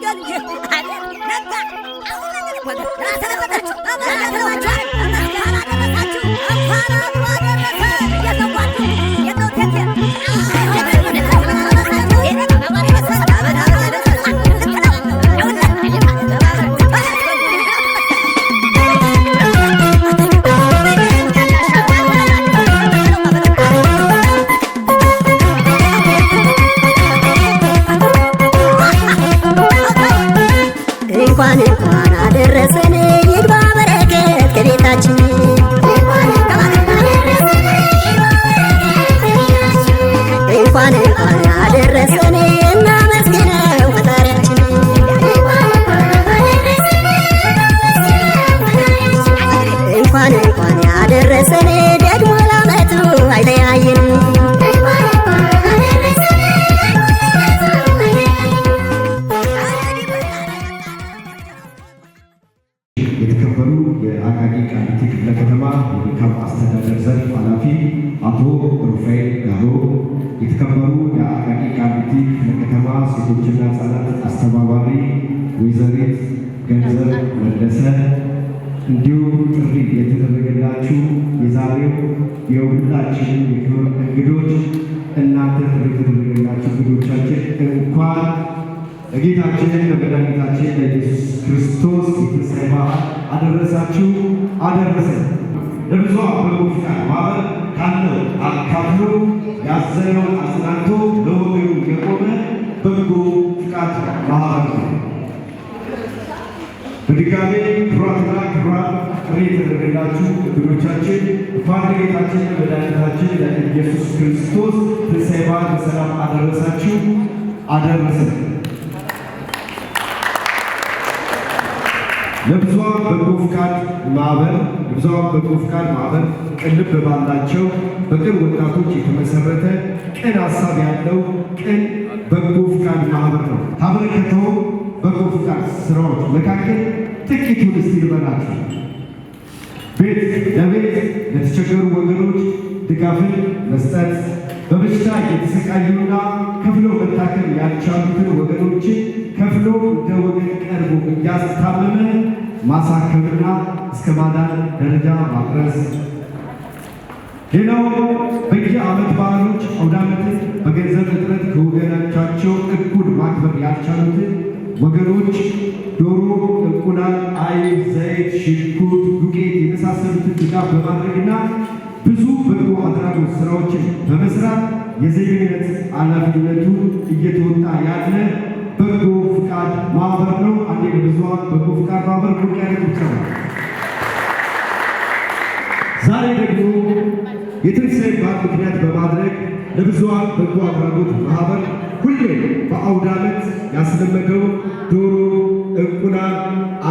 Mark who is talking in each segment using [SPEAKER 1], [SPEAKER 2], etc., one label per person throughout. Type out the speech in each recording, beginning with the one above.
[SPEAKER 1] አስገድ አሁን ሴቶችና ህጻናት አስተባባሪ ወይዘሪት ገንዘብ መለሰ እንዲሁም ጥሪ የተደረገላችሁ የዛሬው የሁላችንም የክብር እንግዶች እናንተ ጥሪ የተደረገላችሁ እንግዶቻችን እንኳን ለጌታችን ለመድኃኒታችን ለኢየሱስ ክርስቶስ የትንሣኤ በዓል አደረሳችሁ አደረሰን። ለብዙ በጎ ፈቃድ ካለው አካፍሎ ያዘነውን አጽናንቶ ለወገኑ የቆመ በጎ ፍቃድ ማህበር ነው። በድጋሜ ክቡራትና ክቡራን ጥሪ የተደረገላችሁ እግዶቻችን ፋንጌታችን መድኃኒታችን ኢየሱስ ክርስቶስ ትንሣኤ በዓል በሰላም አደረሳችሁ አደረሰን። ለብዙኃን በጎ ፍቃድ ማህበር ለብዙኃን በጎ ፍቃድ ማህበር ቅልብ ባላቸው በቅን ወጣቶች የተመሰረተ ቅን ሀሳብ ያለው ቅን በጎ ፍቃድ ማህበር ነው። ታበረከተው በጎ ፍቃድ ስራዎች መካከል ጥቂቱን እስቲ ልበላችሁ። ቤት ለቤት ለተቸገሩ ወገኖች ድጋፍን መስጠት በበሽታ የተሰቃዩና ከፍሎ መታከም ያልቻሉትን ወገኖችን ከፍሎ እንደ ወገን ቀርቦ እያስታመመ ማሳከምና እስከ ማዳን ደረጃ ማድረስ። ሌላው በየዓመት በዓሎች አውዳመትን በገንዘብ እጥረት ከወገኖቻቸው እኩል ማክበር ያልቻሉትን ወገኖች ዶሮ፣ እንቁላል፣ አይብ፣ ዘይት፣ ሽንኩርት፣ ዱቄት የመሳሰሉትን ድጋፍ በማድረግና ብዙ በጎ አድራጎት ስራዎችን በመስራት የዜግነት ኃላፊነቱ እየተወጣ ያለ በጎ ፍቃድ ማህበር ነው። አንዴ ብዙሃን በጎ ፍቃድ ማህበር ጉዳያነት ይቻላል። ዛሬ ደግሞ የትንሣኤ በዓል ምክንያት በማድረግ ለብዙሃን በጎ አድራጎት ማህበር ሁሌ በአውደ ዓመት ያስለመደው ዶሮ፣ እንቁላል፣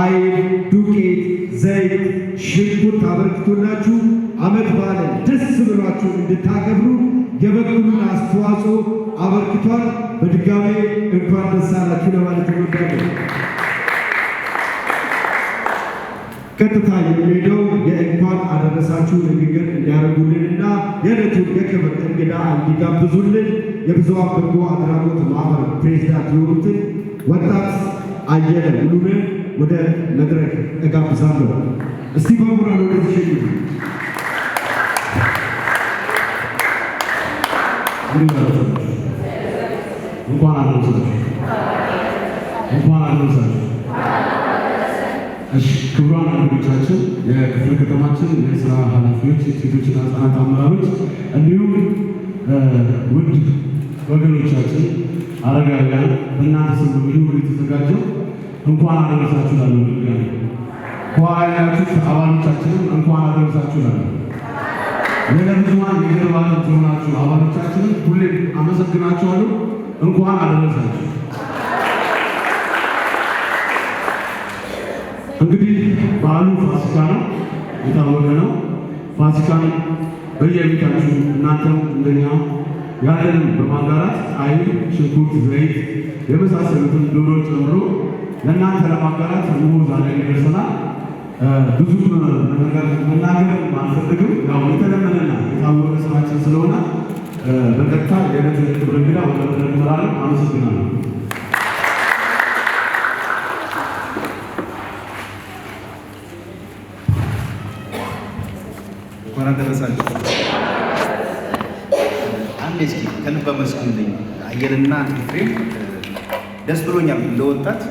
[SPEAKER 1] አይብ፣ ዱቄት፣ ዘይት፣ ሽንኩርት አበርክቶላችሁ ዓመት በዓልን ደስ ብሏችሁ እንድታከብሩ የበኩሉን አስተዋጽኦ አበርክቷል። በድጋሜ እንኳን ደስ አላችሁ ለማለት እወዳለሁ። ቀጥታ የሚሄደው የእንኳን አደረሳችሁ ንግግር እንዲያደርጉልንና የዕለቱን የክብር እንግዳ እንዲጋብዙልን የብዙኃን በጎ አድራጎት ማህበር ፕሬዚዳንት የሆኑትን ወጣት አየለ ሙሉን ወደ መድረክ እጋብዛለሁ። እስቲ በሙራ ወደዚህ እንኳን አደረሳችሁ። እንኳን አደረሳችሁ። እሺ ክቡራን አድማጮቻችን፣ የክፍለ ከተማችን የስራ ኃላፊዎች፣ የሴቶችና ህጻናት አመራሮች እንዲሁም ውድ ወገኖቻችን አረጋውያን በእናንተ ስም የተዘጋጀው እንኳን አደረሳችሁ ከኋላ አባሎቻችንም እንኳን አደረሳችሁ የለምድማን የገር ባለ ትሆናችሁ አባሎቻችንን ሁሌም አመሰግናችኋለሁ። እንኳን አደረሳችሁ። እንግዲህ በዓሉ ፋሲካ ነው፣ የታወቀ ነው። ፋሲካን በየቤታችሁ እናንተም እንደኛ ያለንም በማጋራት አይብ፣ ሽንኩርት፣ ዘይት የመሳሰሉትን ዶሮ ጨምሮ ለእናንተ ለማጋራት ዛሬ ደርሰናል። ብዙም ነገር መናገር አንፈልግም። ያው የተለመደና የታወቀ ስራችን ስለሆነ በቀጥታ የዕለት ክብር እንግዳ ወደ መድረክ እመራለሁ። አመሰግናለሁ። እንኳን አደረሳችሁ።
[SPEAKER 2] አንድ እስኪ ከልብ አመስግኑልኝ። አየልና ኤፍሬም ደስ ብሎኛል። ለወጣት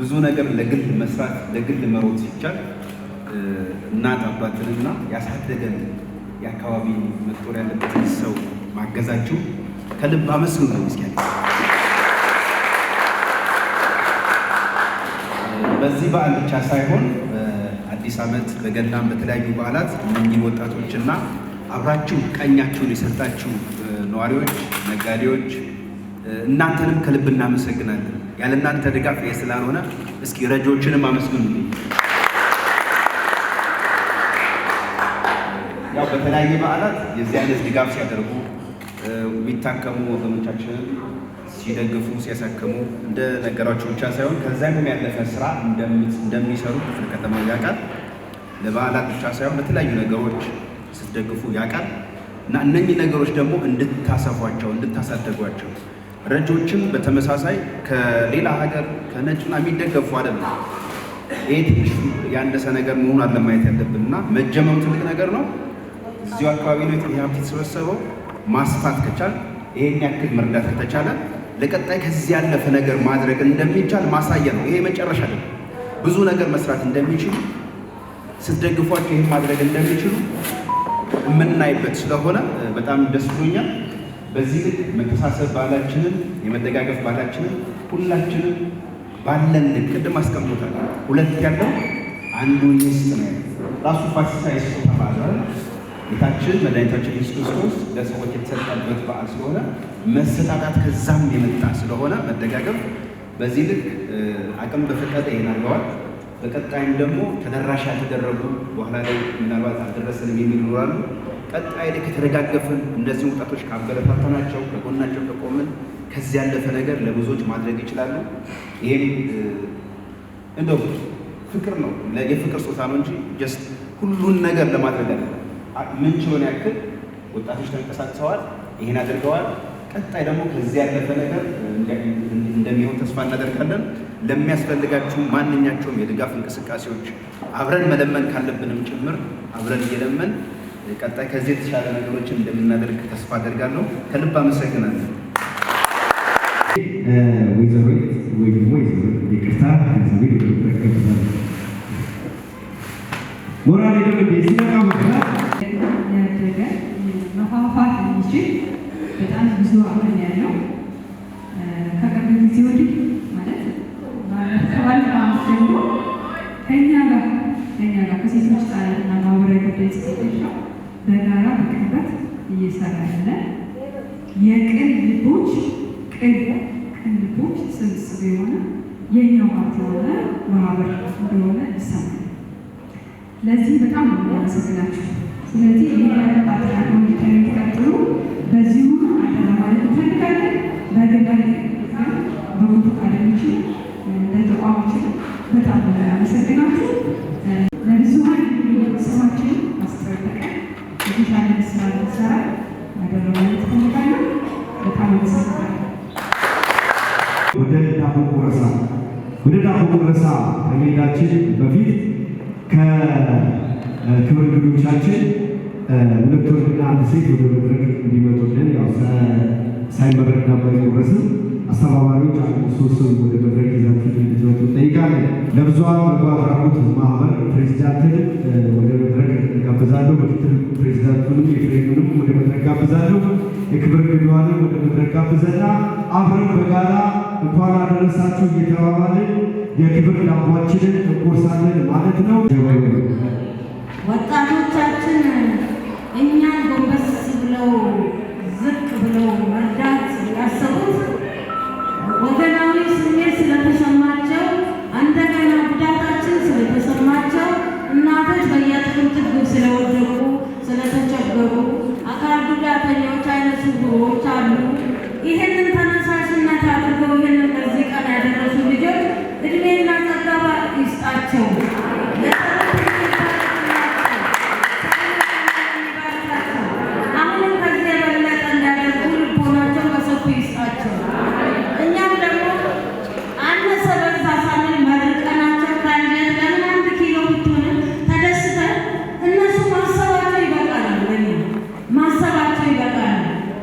[SPEAKER 2] ብዙ ነገር ለግል መስራት ለግል መሮት ሲቻል እናት አባትንና ያሳደገን የአካባቢ መጦር ያለበትን ሰው ማገዛችሁ ከልብ አመስግኑ ነው። በዚህ በዓል ብቻ ሳይሆን በአዲስ ዓመት በገናም በተለያዩ በዓላት እነኚህ ወጣቶችና አብራችሁ ቀኛችሁን የሰጣችሁ ነዋሪዎች፣ ነጋዴዎች እናንተንም ከልብ እናመሰግናለን። ያለ እናንተ ድጋፍ ይሄ ስላልሆነ እስኪ ረጆችንም አመስግኑ። በተለያየ በዓላት የዚህ አይነት ድጋፍ ሲያደርጉ የሚታከሙ ወገኖቻችንን ሲደግፉ ሲያሳክሙ እንደ ነገሯቸው ብቻ ሳይሆን ከዚያም ያለፈ ስራ እንደሚሰሩ ክፍለ ከተማ ያውቃል። ለበዓላት ብቻ ሳይሆን ለተለያዩ ነገሮች ስትደግፉ ያውቃል እና እነኚህ ነገሮች ደግሞ እንድታሰፏቸው እንድታሳደጓቸው ረጆችም በተመሳሳይ ከሌላ ሀገር ከነጭና የሚደገፉ አይደለም። ይህ ትንሽ ያነሰ ነገር መሆን አለማየት ያለብን እና መጀመሩ ትልቅ ነገር ነው። እዚሁ አካባቢ ነው የተሰበሰበው። ማስፋት ከቻል ይህን ያክል መርዳት ከተቻለ ለቀጣይ ከዚህ ያለፈ ነገር ማድረግ እንደሚቻል ማሳያ ነው። ይሄ መጨረሻ ነው። ብዙ ነገር መስራት እንደሚችሉ ስትደግፏቸው ይህን ማድረግ እንደሚችሉ የምናይበት ስለሆነ በጣም ደስ ብሎኛል። በዚህ ልክ መተሳሰብ ባህላችንን የመደጋገፍ ባህላችንን ሁላችንም ባለን ቅድም አስቀምጦታል። ሁለት ያለው አንዱ ይስጥ ነው ራሱ ፋሲካ ይስጥ ተባለ። ጌታችን መድኃኒታችን ኢየሱስ ክርስቶስ ለሰዎች የተሰጠበት በዓል ስለሆነ መሰጣጣት ከዛም የመጣ ስለሆነ መደጋገፍ በዚህ ልክ አቅም በፈቀደ ይሄን አድርገዋል። በቀጣይም ደግሞ ተደራሽ ያልተደረጉ በኋላ ላይ ምናልባት አልደረሰንም የሚል ይኖራሉ። ቀጣይ ልክ የተደጋገፍን እነዚህ ወጣቶች ካበረታታናቸው፣ ከጎናቸው ከቆምን ከዚህ ያለፈ ነገር ለብዙዎች ማድረግ ይችላሉ። ይህም እንደው ፍቅር ነው የፍቅር ስጦታ ነው እንጂ ጀስት ሁሉን ነገር ለማድረግ አለ ምንችለውን ያክል ወጣቶች ተንቀሳቅሰዋል፣ ይህን አድርገዋል። ቀጣይ ደግሞ ከዚህ ያለፈ ነገር እንደሚሆን ተስፋ እናደርጋለን። ለሚያስፈልጋችሁ ማንኛቸውም የድጋፍ እንቅስቃሴዎች አብረን መለመን ካለብንም ጭምር አብረን እየለመን ቀጣይ ከዚህ የተሻለ ነገሮችን እንደምናደርግ ተስፋ አደርጋለሁ። ከልብ አመሰግናለሁ። ወይዘሮ ወይ ደግሞ
[SPEAKER 3] ይቅርታ ሞራሌ ደግሞ ሲነቃ ብዙ ያለው ከቅርብ ጊዜ ወዲህ ማለት ከባለፈው ዓመት ጀምሮ ከእኛ ጋር ከእኛ ጋር ከሴቶች ሕፃናትና ማህበራዊ ጉዳይ ጽሕፈት በጋራ በቅርበት እየሰራ ያለ የቅን ልቦች ቅን ቅን ልቦች ስብስብ የሆነ የኛው ሀብት የሆነ ማህበር እንደሆነ ይሰማል። ለዚህ በጣም ነው ስለዚህ ይህ ያለባት ቀጥሉ በዚሁ በገዳይ በቦቱ አደኞች ለተቋማችን በጣም አመሰግናችሁ። ለብዙሀን ስማችን አስጠብቀን የተሻለ ስራ ሰራ ያደረጋለት ተመጣና በጣም አመሰግናለሁ።
[SPEAKER 1] ወደ ዳቦ ወደ ዳቦ ቆረሳ ከመሄዳችን በፊት ከክብር እንግዶቻችን ሁለት ወንድና አንድ ሴት ወደ መድረክ ሳይመረዳ ባይወረስ አስተባባሪዎች አንዱ ሶስት ወደ መድረክ ይዛችሁ እንዲዘጡ ጠይቃለሁ። ለብዙኃን በጎ አድራጎት ማህበር ፕሬዚዳንትን ወደ መድረክ ጋብዛለሁ። ምክትል ፕሬዚዳንቱንም የፍሬኑንም ወደ መድረክ ጋብዛለሁ። የክብር ግቢዋንም ወደ መድረክ ጋብዘና አብረን በጋራ እንኳን አደረሳችሁ እየተባባልን የክብር ዳቦችንን እንቆርሳለን ማለት ነው።
[SPEAKER 4] ወጣቶቻችን እኛን ጎንበስ ብለው ዝቅ ብለው Someone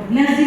[SPEAKER 4] Gracias.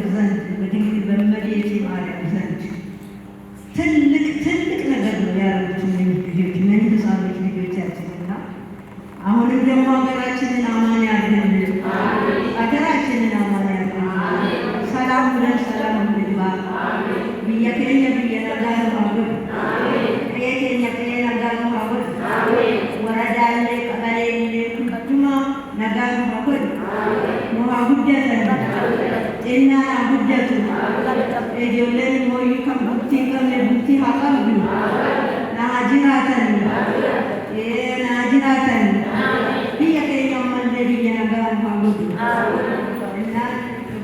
[SPEAKER 4] ਦੁਨੀਆ ਕਿਹੜੀ ਹੈ ਦੁਨੀਆ ਦਾ ਦਾਰ ਹੋਵੇ ਆਮੀਨ ਤੇ ਕਿਹੜੀ ਹੈ ਕਿਹੜੀ ਦਾ ਦਾਰ ਹੋਵੇ
[SPEAKER 1] ਆਮੀਨ
[SPEAKER 4] ਮਰਾਜਾ ਨੇ ਕਬਰੇ ਨੇ ਕੁਤੁਮਾ ਨਗਰ ਹੋਵੇ ਆਮੀਨ ਮੋ ਅਗੁੱਜਾ ਤੇ ਆਮੀਨ ਜਿੰਨਾ ਅਗੁੱਜਾ ਤੇ ਆਮੀਨ ਇਹ ਜੋਲੇ ਮੋ ਇਹ ਕੰਮ ਬੁੱਤੀ ਕਰ ਲੈ ਬੁੱਤੀ ਹਾਕਾ ਲੂ ਆਮੀਨ ਨਾ ਹਾਜ਼ਰਾ ਤੇ ਆਮੀਨ ਇਹ ਨਾ ਹਾਜ਼ਰਾ ਤੇ ਆਮੀਨ ਵੀ ਅਕੇ ਜੋ ਮੰਦੇ ਵੀ ਨਗਰ ਹੋਵੇ ਆਮੀਨ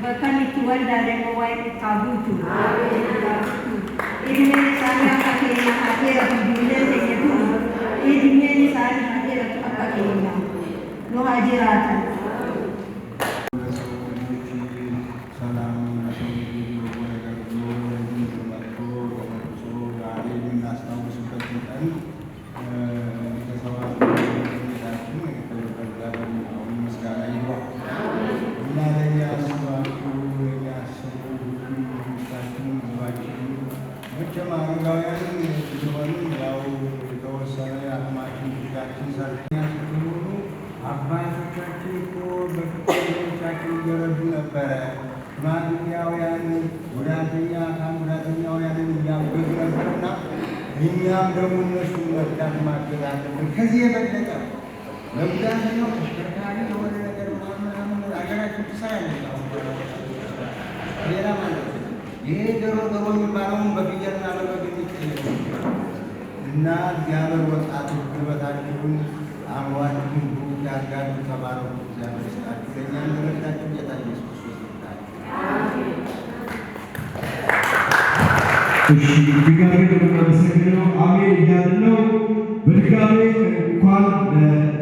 [SPEAKER 4] ਬਤਾ ਨਿਤੂ ਵਰਦਾ ਦੇ ਮੋਵਾਈ ਕਾਬੂ ਤੁ ਆਮੀਨ dunia ini saya akan kena hadirat dunia ini dulu. Ini dunia ini saya hadirat apa kena? Lo hadirat.
[SPEAKER 1] መቼም አረጋውያን ሲሆኑ ያው የተወሰነ አቅማችን ድጋችን ሰርተኛ አባቶቻችን እኮ በፍቻችን ይገረዱ ነበረ። ሽማግሌያውያንን፣ ጉዳተኛ አካል ጉዳተኛውያንን እያገዙ ነበርና እኛም ደግሞ እነሱ መርዳት ማገዝ አለብን። ከዚህ የበለጠ ለጉዳተኛው ተሽከርካሪ የሆነ ነገር ሀገራችን ትሰራለች ሌላ ማለት ይሄ ዶሮ ዶሮ የሚባለውን በፍየልና በበግ ይጠየቁ እና እግዚአብሔር ወጣቱ ጉልበታችሁን አእምሯችሁን ቡድ አድርጋችሁ ተባረኩ። እግዚአብሔር ይስጣችሁ። ለእኛ እንደረዳችሁ ጌታ ኢየሱስ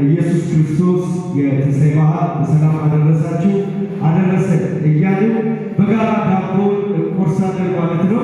[SPEAKER 1] ኢየሱስ ክርስቶስ የትንሣኤ በዓል በሰላም አደረሳችሁ አደረሰን እያልን በጋራ ዳቦ కుర్సానే బాధితులు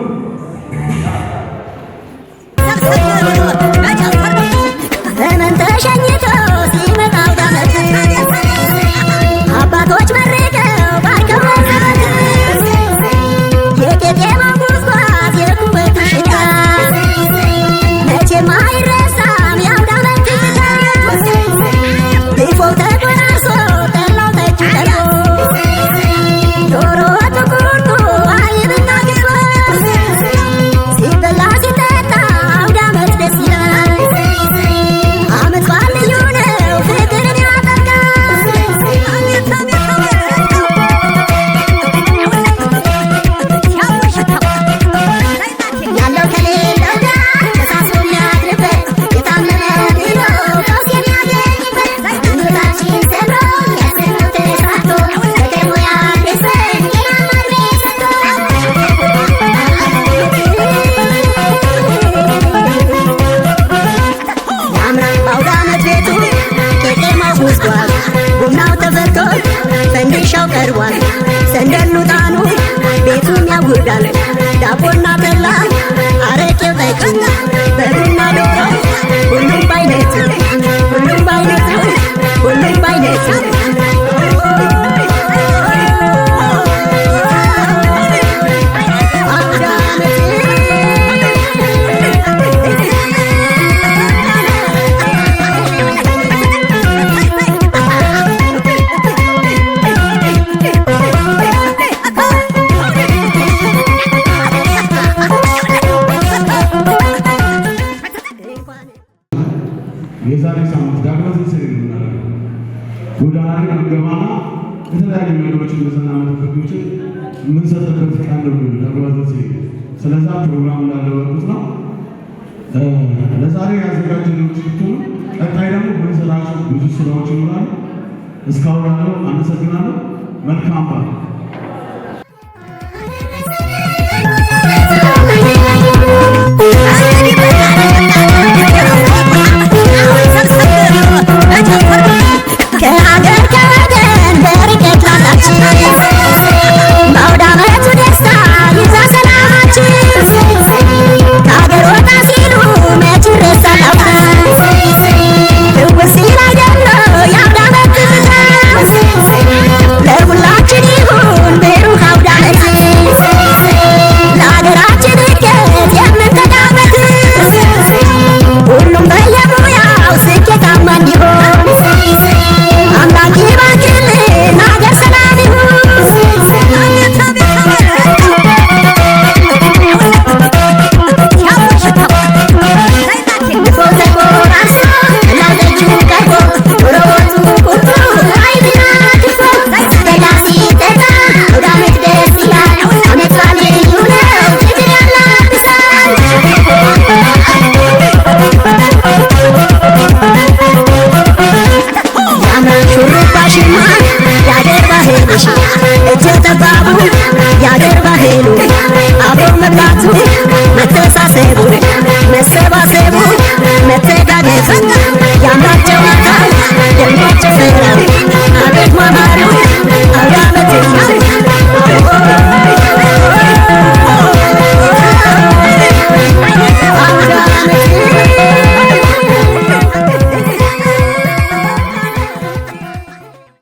[SPEAKER 4] እንደሉጣኑ ቤቱን ያውዳል ዳቦና
[SPEAKER 1] የዛሬ ሳምንት ዳግማ ትንሣኤ ነው የምናደርገው። ጎዳና ላይ አንገባና የተለያዩ ነገሮችን መዝናናት ክፍሎችን የምንሰጥበት ቀን ነው ዳግማ ትንሣኤ። ስለዛ ፕሮግራም እንዳለበት ነው ለዛሬ ያዘጋጀነው ችግር። ቀጣይ ደግሞ ምንሰራቸው ብዙ ስራዎች ይኖራሉ። እስካሁን ያለው አመሰግናለሁ። መልካም በዓል